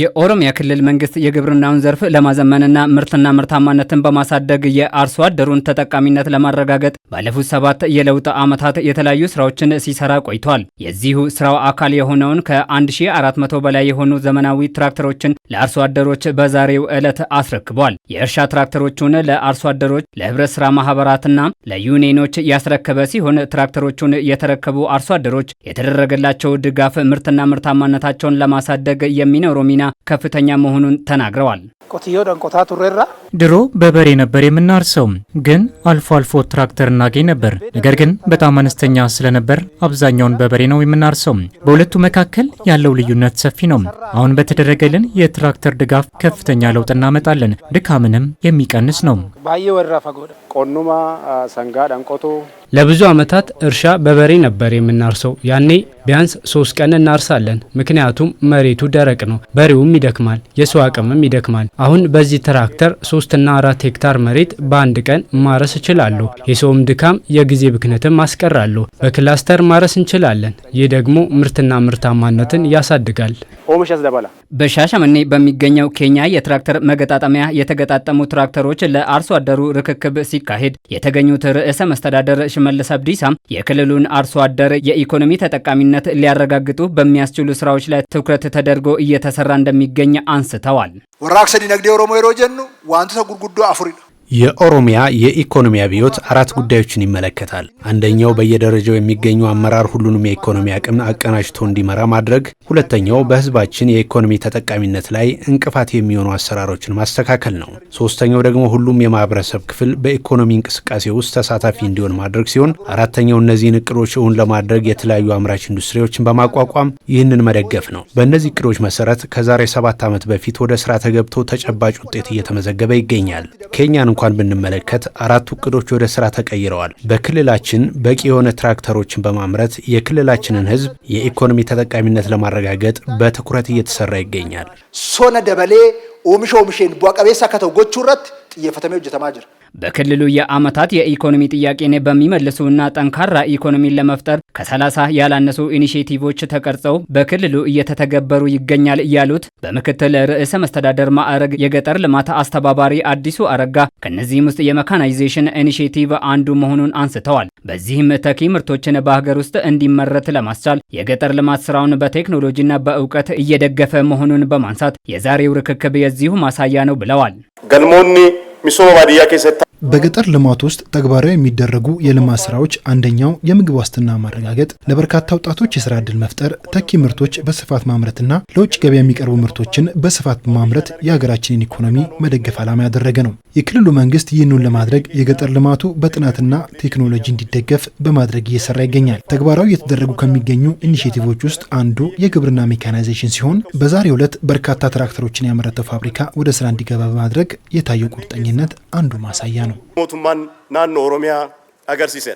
የኦሮሚያ ክልል መንግስት የግብርናውን ዘርፍ ለማዘመንና ምርትና ምርታማነትን በማሳደግ የአርሶ አደሩን ተጠቃሚነት ለማረጋገጥ ባለፉት ሰባት የለውጥ ዓመታት የተለያዩ ስራዎችን ሲሰራ ቆይቷል። የዚሁ ስራው አካል የሆነውን ከ1400 በላይ የሆኑ ዘመናዊ ትራክተሮችን ለአርሶ አደሮች በዛሬው ዕለት አስረክቧል። የእርሻ ትራክተሮቹን ለአርሶ አደሮች፣ ለህብረት ስራ ማህበራትና ለዩኒየኖች ያስረከበ ሲሆን ትራክተሮቹን የተረከቡ አርሶ አደሮች የተደረገላቸው ድጋፍ ምርትና ምርታማነታቸውን ለማሳደግ የሚኖረው ሚና ሚና ከፍተኛ መሆኑን ተናግረዋል። ድሮ በበሬ ነበር የምናርሰው፣ ግን አልፎ አልፎ ትራክተር እናገኝ ነበር። ነገር ግን በጣም አነስተኛ ስለነበር አብዛኛውን በበሬ ነው የምናርሰው። በሁለቱ መካከል ያለው ልዩነት ሰፊ ነው። አሁን በተደረገልን የትራክተር ድጋፍ ከፍተኛ ለውጥ እናመጣለን። ድካምንም የሚቀንስ ነው። ባየ ወረፋ ቆኑማ ሰንጋ ዳንቆቶ ለብዙ ዓመታት እርሻ በበሬ ነበር የምናርሰው። ያኔ ቢያንስ ሶስት ቀን እናርሳለን፣ ምክንያቱም መሬቱ ደረቅ ነው፣ በሬውም ይደክማል፣ የሰው አቅምም ይደክማል። አሁን በዚህ ትራክተር ሶስትና አራት ሄክታር መሬት በአንድ ቀን ማረስ እችላለሁ። የሰውም ድካም የጊዜ ብክነትም አስቀራለሁ። በክላስተር ማረስ እንችላለን። ይህ ደግሞ ምርትና ምርታማነትን ያሳድጋል። በሻሸመኔ በሚገኘው ኬንያ የትራክተር መገጣጠሚያ የተገጣጠሙ ትራክተሮች ለአርሶ አደሩ ርክክብ ሲካሄድ የተገኙት ርዕሰ መስተዳደር ሽመልስ አብዲሳ የክልሉን አርሶ አደር የኢኮኖሚ ተጠቃሚነት ሊያረጋግጡ በሚያስችሉ ስራዎች ላይ ትኩረት ተደርጎ እየተሰራ እንደሚገኝ አንስተዋል። ወራክሰኒ ነግዴ ኦሮሞ የሮጀኑ ዋንቱ ተጉርጉዶ አፉሪ ነው የኦሮሚያ የኢኮኖሚ አብዮት አራት ጉዳዮችን ይመለከታል። አንደኛው በየደረጃው የሚገኙ አመራር ሁሉንም የኢኮኖሚ አቅም አቀናጅቶ እንዲመራ ማድረግ፣ ሁለተኛው በህዝባችን የኢኮኖሚ ተጠቃሚነት ላይ እንቅፋት የሚሆኑ አሰራሮችን ማስተካከል ነው። ሶስተኛው ደግሞ ሁሉም የማህበረሰብ ክፍል በኢኮኖሚ እንቅስቃሴ ውስጥ ተሳታፊ እንዲሆን ማድረግ ሲሆን፣ አራተኛው እነዚህን እቅዶች እውን ለማድረግ የተለያዩ አምራች ኢንዱስትሪዎችን በማቋቋም ይህንን መደገፍ ነው። በእነዚህ እቅዶች መሰረት ከዛሬ ሰባት ዓመት በፊት ወደ ስራ ተገብቶ ተጨባጭ ውጤት እየተመዘገበ ይገኛል። ኬንያን እንኳን ብንመለከት አራት እቅዶች ወደ ስራ ተቀይረዋል። በክልላችን በቂ የሆነ ትራክተሮችን በማምረት የክልላችንን ህዝብ የኢኮኖሚ ተጠቃሚነት ለማረጋገጥ በትኩረት እየተሰራ ይገኛል። ሶነ ደበሌ ኦሚሽ ኦሚሽን ቡቀቤሳ ከተጎቹረት ጥየፈተሜ ጅተማ በክልሉ የአመታት የኢኮኖሚ ጥያቄን በሚመልሱና ጠንካራ ኢኮኖሚን ለመፍጠር ከ30 ያላነሱ ኢኒሽቲቮች ተቀርጸው በክልሉ እየተተገበሩ ይገኛል ያሉት በምክትል ርዕሰ መስተዳደር ማዕረግ የገጠር ልማት አስተባባሪ አዲሱ አረጋ ከነዚህም ውስጥ የመካናይዜሽን ኢኒሽቲቭ አንዱ መሆኑን አንስተዋል። በዚህም ተኪ ምርቶችን በሀገር ውስጥ እንዲመረት ለማስቻል የገጠር ልማት ስራውን በቴክኖሎጂና በእውቀት እየደገፈ መሆኑን በማንሳት የዛሬው ርክክብ የዚሁ ማሳያ ነው ብለዋል። ገልሞኒ Mi solo varía que se está... በገጠር ልማት ውስጥ ተግባራዊ የሚደረጉ የልማት ስራዎች አንደኛው የምግብ ዋስትና ማረጋገጥ፣ ለበርካታ ወጣቶች የስራ እድል መፍጠር፣ ተኪ ምርቶች በስፋት ማምረትና ለውጭ ገበያ የሚቀርቡ ምርቶችን በስፋት ማምረት የሀገራችንን ኢኮኖሚ መደገፍ ዓላማ ያደረገ ነው። የክልሉ መንግስት ይህንን ለማድረግ የገጠር ልማቱ በጥናትና ቴክኖሎጂ እንዲደገፍ በማድረግ እየሰራ ይገኛል። ተግባራዊ እየተደረጉ ከሚገኙ ኢኒሽቲቮች ውስጥ አንዱ የግብርና ሜካናይዜሽን ሲሆን በዛሬው ዕለት በርካታ ትራክተሮችን ያመረተው ፋብሪካ ወደ ስራ እንዲገባ በማድረግ የታየው ቁርጠኝነት አንዱ ማሳያ ነው። ነው ሞቱማን ናኖ ኦሮሚያ አገርሲሴ